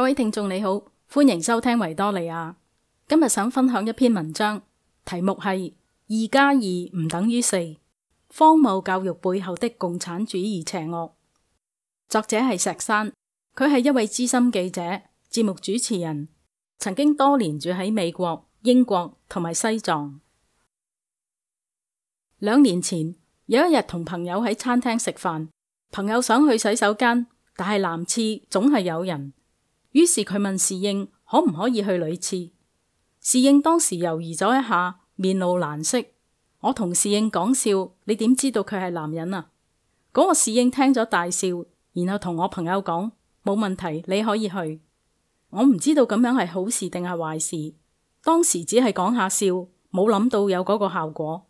各位聽眾你好，歡迎收聽維多利亞。今日想分享一篇文章，題目係《二加二唔等於四》，荒謬教育背後的共產主義邪惡。作者係石山，佢係一位資深記者、節目主持人，曾經多年住喺美國、英國同埋西藏。兩年前有一日，同朋友喺餐廳食飯，朋友想去洗手間，但係男廁總係有人。於是佢問侍應可唔可以去女廁？侍應當時猶豫咗一下，面露難色。我同侍應講笑，你點知道佢係男人啊？嗰個侍應聽咗大笑，然後同我朋友講，冇問題，你可以去。我唔知道咁樣係好事定係壞事。當時只係講下笑，冇諗到有嗰個效果。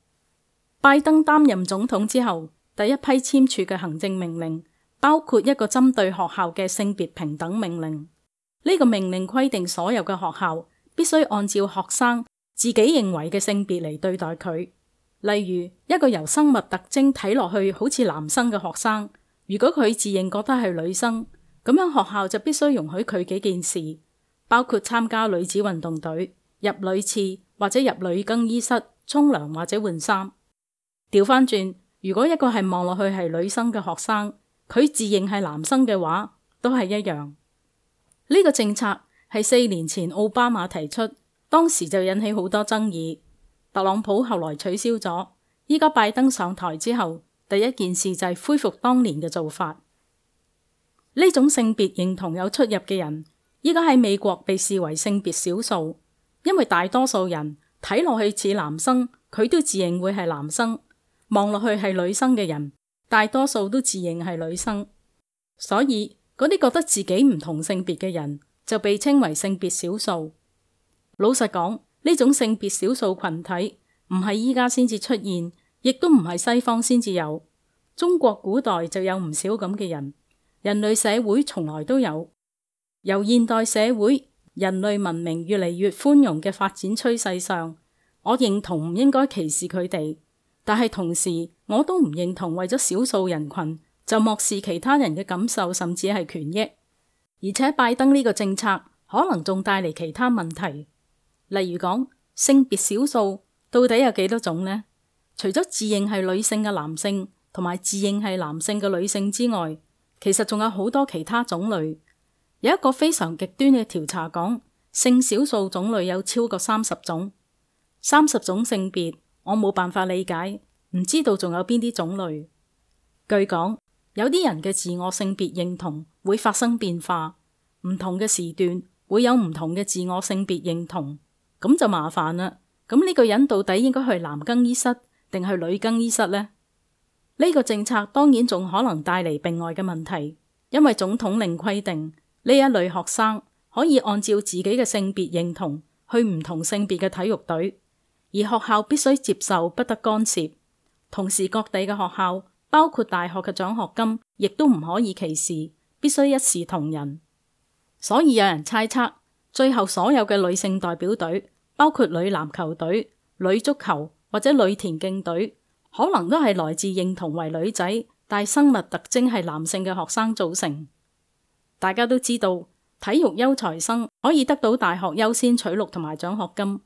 拜登擔任總統之後，第一批簽署嘅行政命令包括一個針對學校嘅性別平等命令。呢個命令規定，所有嘅學校必須按照學生自己認為嘅性別嚟對待佢。例如，一個由生物特徵睇落去好似男生嘅學生，如果佢自認覺得係女生，咁樣學校就必須容許佢幾件事，包括參加女子運動隊、入女廁或者入女更衣室、沖涼或者換衫。調翻轉，如果一個係望落去係女生嘅學生，佢自認係男生嘅話，都係一樣。呢個政策係四年前奧巴馬提出，當時就引起好多爭議。特朗普後來取消咗，依家拜登上台之後，第一件事就係恢復當年嘅做法。呢種性別認同有出入嘅人，依家喺美國被視為性別少數，因為大多數人睇落去似男生，佢都自認會係男生，望落去係女生嘅人，大多數都自認係女生，所以。嗰啲覺得自己唔同性別嘅人就被稱為性別少數。老實講，呢種性別少數群體唔係依家先至出現，亦都唔係西方先至有。中國古代就有唔少咁嘅人，人類社會從來都有。由現代社會人類文明越嚟越寬容嘅發展趨勢上，我認同唔應該歧視佢哋，但係同時我都唔認同為咗少數人群。就漠視其他人嘅感受，甚至係權益。而且拜登呢個政策可能仲帶嚟其他問題，例如講性別少數到底有幾多種呢？除咗自認係女性嘅男性同埋自認係男性嘅女性之外，其實仲有好多其他種類。有一個非常極端嘅調查講，性少數種類有超過三十種，三十種性別，我冇辦法理解，唔知道仲有邊啲種類。據講。有啲人嘅自我性別認同會發生變化，唔同嘅時段會有唔同嘅自我性別認同，咁就麻煩啦。咁呢個人到底應該去男更衣室定去女更衣室呢？呢個政策當然仲可能帶嚟另外嘅問題，因為總統令規定呢一類學生可以按照自己嘅性別認同去唔同性別嘅體育隊，而學校必須接受，不得干涉。同時，各地嘅學校。包括大學嘅獎學金，亦都唔可以歧視，必須一視同仁。所以有人猜測，最後所有嘅女性代表隊，包括女籃球隊、女足球或者女田徑隊，可能都係來自認同為女仔，但生物特徵係男性嘅學生組成。大家都知道，體育優才生可以得到大學優先取錄同埋獎學金，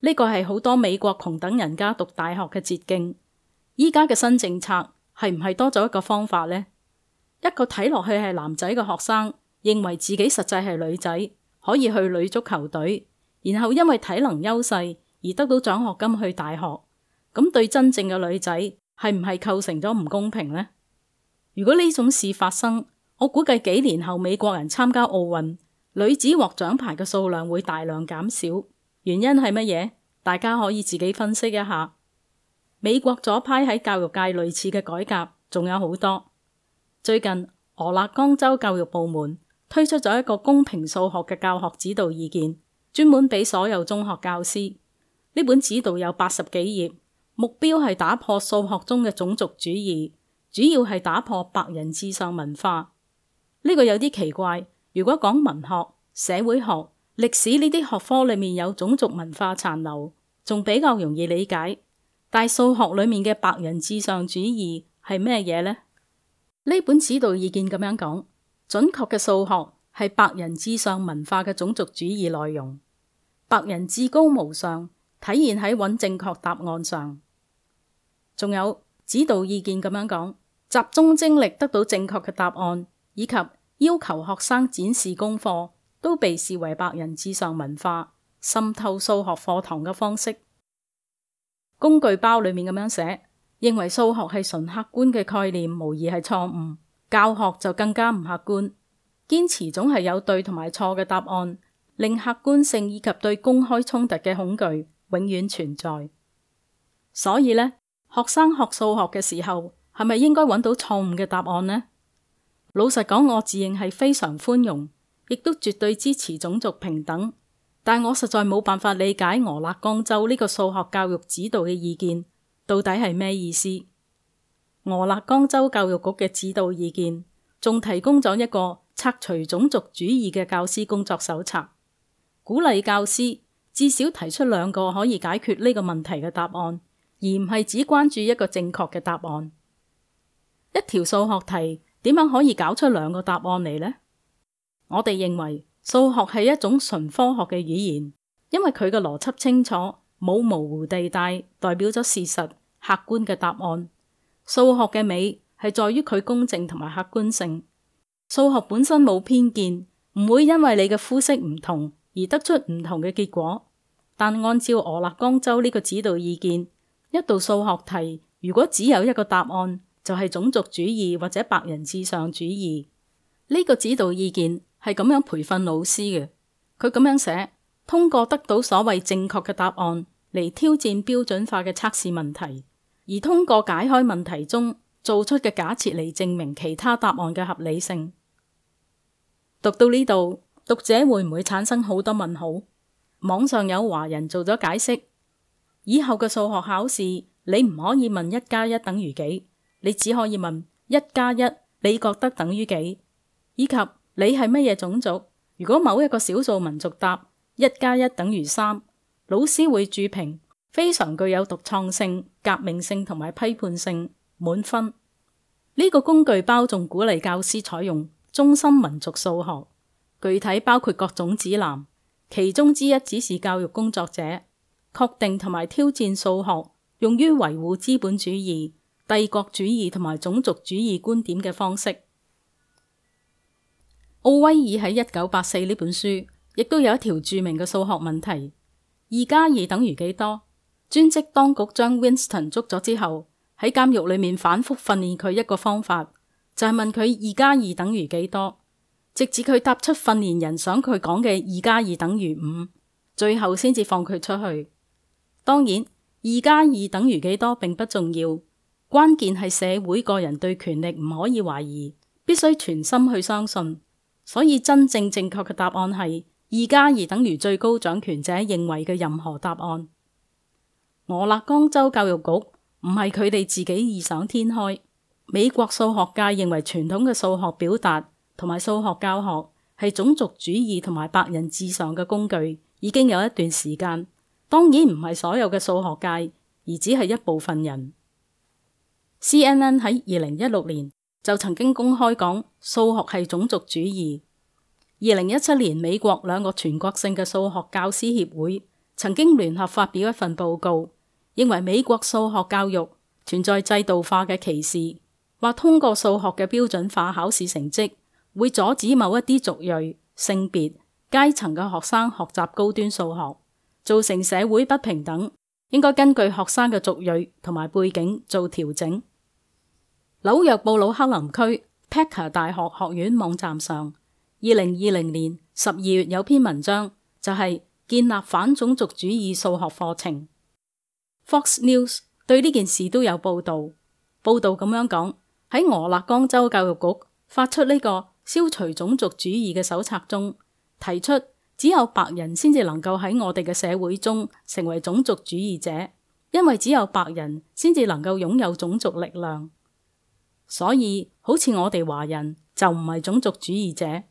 呢個係好多美國窮等人家讀大學嘅捷徑。依家嘅新政策。係唔係多咗一個方法呢？一個睇落去係男仔嘅學生，認為自己實際係女仔，可以去女足球隊，然後因為體能優勢而得到獎學金去大學。咁對真正嘅女仔，係唔係構成咗唔公平呢？如果呢種事發生，我估計幾年後美國人參加奧運，女子獲獎牌嘅數量會大量減少。原因係乜嘢？大家可以自己分析一下。美國左派喺教育界類似嘅改革仲有好多。最近俄勒岡州教育部門推出咗一個公平數學嘅教學指導意見，專門俾所有中學教師。呢本指導有八十幾頁，目標係打破數學中嘅種族主義，主要係打破白人至上文化。呢個有啲奇怪。如果講文學、社會學、歷史呢啲學科裏面有種族文化殘留，仲比較容易理解。大數學裏面嘅白人至上主義係咩嘢呢？呢本指導意見咁樣講，準確嘅數學係白人至上文化嘅種族主義內容。白人至高無上體現喺揾正確答案上。仲有，指導意見咁樣講，集中精力得到正確嘅答案，以及要求學生展示功課，都被視為白人至上文化滲透數學課堂嘅方式。工具包裏面咁樣寫，認為數學係純客觀嘅概念，無疑係錯誤。教學就更加唔客觀，堅持總係有對同埋錯嘅答案，令客觀性以及對公開衝突嘅恐懼永遠存在。所以呢，學生學數學嘅時候，係咪應該揾到錯誤嘅答案呢？老實講，我自認係非常寬容，亦都絕對支持種族平等。但我實在冇辦法理解俄勒岡州呢個數學教育指導嘅意見到底係咩意思？俄勒岡州教育局嘅指導意見仲提供咗一個拆除種族主義嘅教師工作手冊，鼓勵教師至少提出兩個可以解決呢個問題嘅答案，而唔係只關注一個正確嘅答案。一條數學題點樣可以搞出兩個答案嚟呢？我哋認為。數學係一種純科學嘅語言，因為佢嘅邏輯清楚，冇模糊地帶，代表咗事實客觀嘅答案。數學嘅美係在於佢公正同埋客觀性。數學本身冇偏見，唔會因為你嘅膚色唔同而得出唔同嘅結果。但按照俄勒岡州呢個指導意見，一道數學題如果只有一個答案，就係、是、種族主義或者白人至上主義。呢、這個指導意見。係咁樣培訓老師嘅，佢咁樣寫，通過得到所謂正確嘅答案嚟挑戰標準化嘅測試問題，而通過解開問題中做出嘅假設嚟證明其他答案嘅合理性。讀到呢度，讀者會唔會產生好多問號？網上有華人做咗解釋：以後嘅數學考試，你唔可以問一加一等於幾，你只可以問一加一，你覺得等於幾？以及。你係乜嘢種族？如果某一個少數民族答一加一等於三，3, 老師會注評非常具有獨創性、革命性同埋批判性，滿分。呢、這個工具包仲鼓勵教師採用中心民族數學，具體包括各種指南，其中之一只是教育工作者確定同埋挑戰數學用於維護資本主義、帝國主義同埋種族主義觀點嘅方式。奧威爾喺一九八四呢本書，亦都有一條著名嘅數學問題：二加二等於幾多？專職當局將 Winston 捉咗之後，喺監獄裏面反覆訓練佢一個方法，就係問佢二加二等於幾多，直至佢答出訓練人想佢講嘅二加二等於五，最後先至放佢出去。當然，二加二等於幾多並不重要，關鍵係社會個人對權力唔可以懷疑，必須全心去相信。所以真正正確嘅答案係二加二等於最高掌權者認為嘅任何答案。俄勒岡州教育局唔係佢哋自己異想天開。美國數學界認為傳統嘅數學表達同埋數學教學係種族主義同埋白人至上嘅工具，已經有一段時間。當然唔係所有嘅數學界，而只係一部分人。CNN 喺二零一六年，就曾經公開講數學係種族主義。二零一七年，美國兩個全國性嘅數學教師協會曾經聯合發表一份報告，認為美國數學教育存在制度化嘅歧視，或通過數學嘅標準化考試成績會阻止某一啲族裔、性別、階層嘅學生學習高端數學，造成社會不平等，應該根據學生嘅族裔同埋背景做調整。紐約布魯克林區 Packer 大學學院網站上，二零二零年十二月有篇文章，就係、是、建立反種族主義數學課程。Fox News 對呢件事都有報道，報道咁樣講，喺俄勒岡州教育局發出呢個消除種族主義嘅手冊中，提出只有白人先至能夠喺我哋嘅社會中成為種族主義者，因為只有白人先至能夠擁有種族力量。所以，好似我哋華人就唔係種族主義者。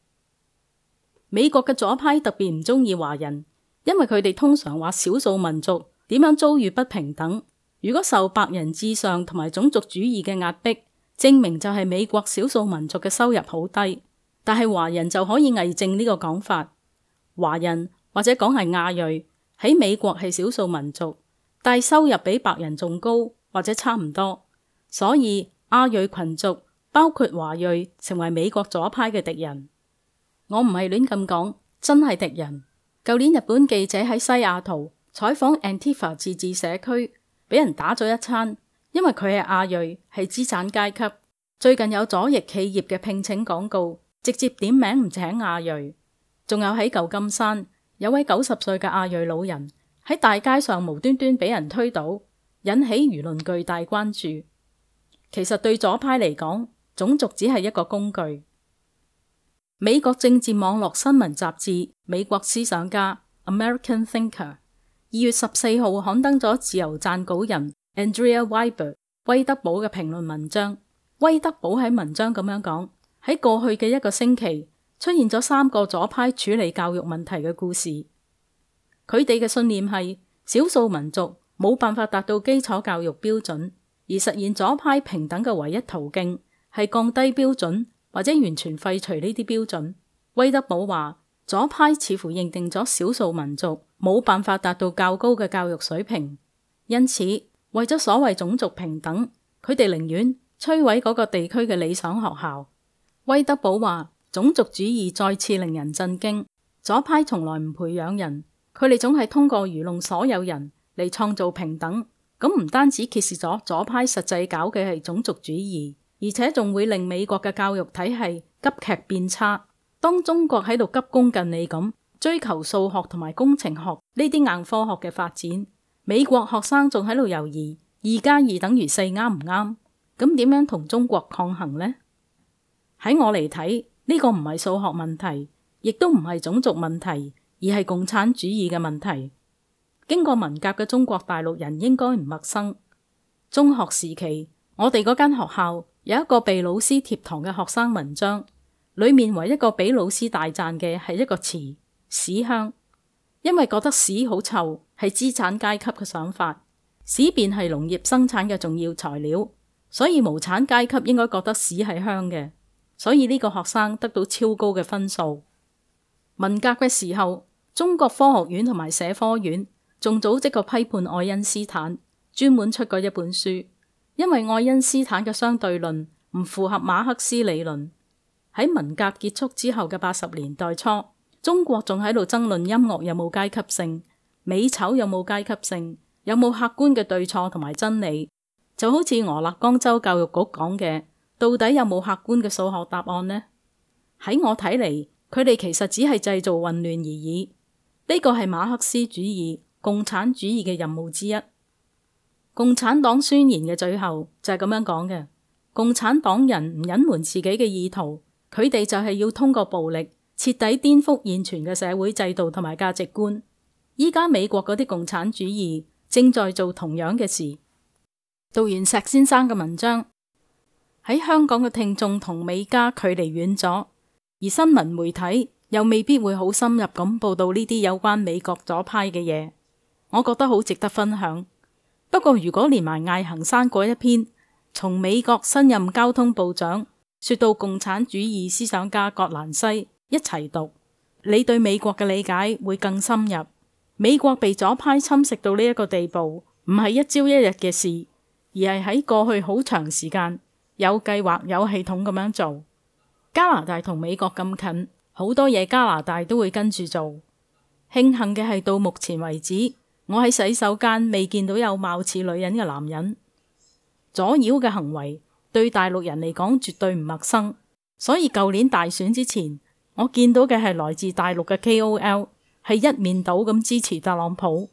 美國嘅左派特別唔中意華人，因為佢哋通常話少數民族點樣遭遇不平等。如果受白人至上同埋種族主義嘅壓迫，證明就係美國少數民族嘅收入好低。但係華人就可以偽證呢個講法。華人或者講係亞裔喺美國係少數民族，但係收入比白人仲高或者差唔多，所以，亞裔群族，包括華裔，成為美國左派嘅敵人。我唔係亂咁講，真係敵人。舊年日本記者喺西雅圖採訪 Antifa 自治社區，俾人打咗一餐，因為佢係亞裔，係資產階級。最近有左翼企業嘅聘請廣告，直接點名唔請亞裔。仲有喺舊金山，有位九十歲嘅亞裔老人喺大街上無端端俾人推倒，引起輿論巨大關注。其實對左派嚟講，種族只係一個工具。美國政治網絡新聞雜誌《美國思想家》（American Thinker） 二月十四號刊登咗自由撰稿人 Andrea Weber 威德堡嘅評論文章。威德堡喺文章咁樣講：喺過去嘅一個星期，出現咗三個左派處理教育問題嘅故事。佢哋嘅信念係少數民族冇辦法達到基礎教育標準。而實現左派平等嘅唯一途徑係降低標準或者完全廢除呢啲標準。威德堡話：左派似乎認定咗少數民族冇辦法達到較高嘅教育水平，因此為咗所謂種族平等，佢哋寧願摧毀嗰個地區嘅理想學校。威德堡話：種族主義再次令人震驚。左派從來唔培養人，佢哋總係通過愚弄所有人嚟創造平等。咁唔單止揭示咗左派實際搞嘅係種族主義，而且仲會令美國嘅教育體系急劇變差。當中國喺度急功近利咁追求數學同埋工程學呢啲硬科學嘅發展，美國學生仲喺度猶豫二加二等於四啱唔啱？咁點樣同中國抗衡呢？喺我嚟睇，呢個唔係數學問題，亦都唔係種族問題，而係共產主義嘅問題。經過文革嘅中國大陸人應該唔陌生。中學時期，我哋嗰間學校有一個被老師貼堂嘅學生文章，裏面唯一一個俾老師大贊嘅係一個詞“屎香”，因為覺得屎好臭，係資產階級嘅想法。屎便係農業生產嘅重要材料，所以無產階級應該覺得屎係香嘅，所以呢個學生得到超高嘅分數。文革嘅時候，中國科學院同埋社科院。仲組織過批判愛因斯坦，專門出過一本書，因為愛因斯坦嘅相對論唔符合馬克思理論。喺文革結束之後嘅八十年代初，中國仲喺度爭論音樂有冇階級性，美醜有冇階級性，有冇客觀嘅對錯同埋真理，就好似俄勒岡州教育局講嘅，到底有冇客觀嘅數學答案呢？喺我睇嚟，佢哋其實只係製造混亂而已。呢個係馬克思主義。共產主義嘅任務之一，共產黨宣言嘅最後就係咁樣講嘅。共產黨人唔隱瞞自己嘅意圖，佢哋就係要通過暴力徹底顛覆現存嘅社會制度同埋價值觀。依家美國嗰啲共產主義正在做同樣嘅事。讀完石先生嘅文章，喺香港嘅聽眾同美加距離遠咗，而新聞媒體又未必會好深入咁報道呢啲有關美國左派嘅嘢。我覺得好值得分享。不過如果連埋艾行山嗰一篇，從美國新任交通部長說到共產主義思想家葛蘭西一齊讀，你對美國嘅理解會更深入。美國被左派侵蝕到呢一個地步，唔係一朝一日嘅事，而係喺過去好長時間有計劃有系統咁樣做。加拿大同美國咁近，好多嘢加拿大都會跟住做。慶幸嘅係到目前為止。我喺洗手間未見到有貌似女人嘅男人。阻擾嘅行為，對大陸人嚟講絕對唔陌生。所以舊年大選之前，我見到嘅係來自大陸嘅 KOL 係一面倒咁支持特朗普，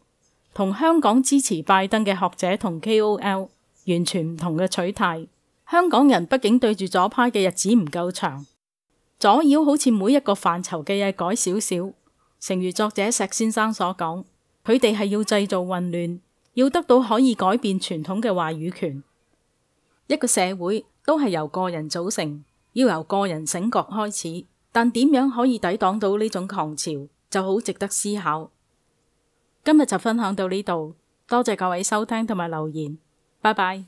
同香港支持拜登嘅學者同 KOL 完全唔同嘅取態。香港人畢竟對住左派嘅日子唔夠長，阻擾好似每一個範疇嘅嘢，改少少，誠如作者石先生所講。佢哋係要製造混亂，要得到可以改變傳統嘅話語權。一個社會都係由個人組成，要由個人醒覺開始，但點樣可以抵擋到呢種狂潮，就好值得思考。今日就分享到呢度，多謝各位收聽同埋留言，拜拜。